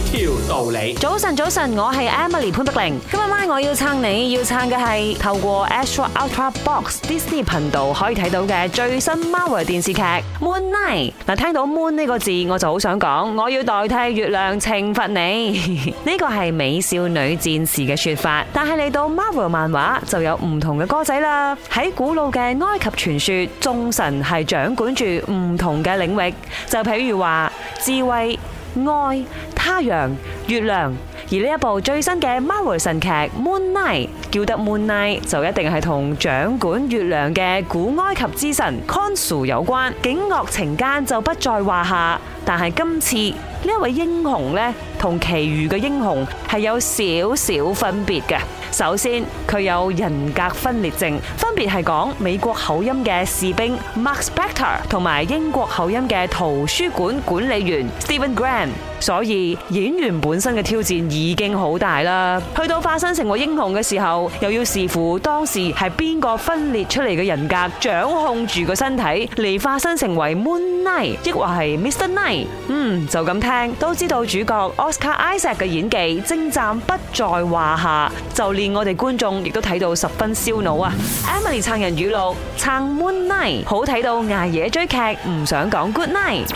條道理。早晨，早晨，我係 Emily 潘德玲。今日我要撐，你要撐嘅係透過 Astra Ultra Box Disney 頻道可以睇到嘅最新 Marvel 電視劇 Moon Knight。嗱，聽到 Moon 呢個字，我就好想講，我要代替月亮懲罰你。呢個係美少女戰士嘅說法，但係嚟到 Marvel 漫畫就有唔同嘅歌仔啦。喺古老嘅埃及傳說，眾神係掌管住唔同嘅領域，就譬如話智慧。愛、太陽、月亮，而呢一部最新嘅貓回神劇《Moon Knight》，叫得《Moon Knight》就一定係同掌管月亮嘅古埃及之神 Konsu 有關，警惡懲奸就不在話下，但係今次。呢位英雄咧，同其餘嘅英雄係有少少分別嘅。首先佢有人格分裂症，分別係講美國口音嘅士兵 Marc Spector 同埋英國口音嘅圖書館管理員 Steven Grant。所以演員本身嘅挑戰已經好大啦。去到化身成為英雄嘅時候，又要視乎當時係邊個分裂出嚟嘅人格掌控住個身體嚟化身成為 Moon Knight 亦或係 Mr. Knight 嗯，就咁聽。都知道主角 Oscar Isaac 嘅演技精湛不在話下，就連我哋觀眾亦都睇到十分燒腦啊！Emily 撐人語錄撐 Moon Night，好睇到捱夜追劇唔想講 Good Night。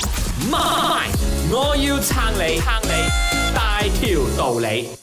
My，我要撐你，撐你，大條道理。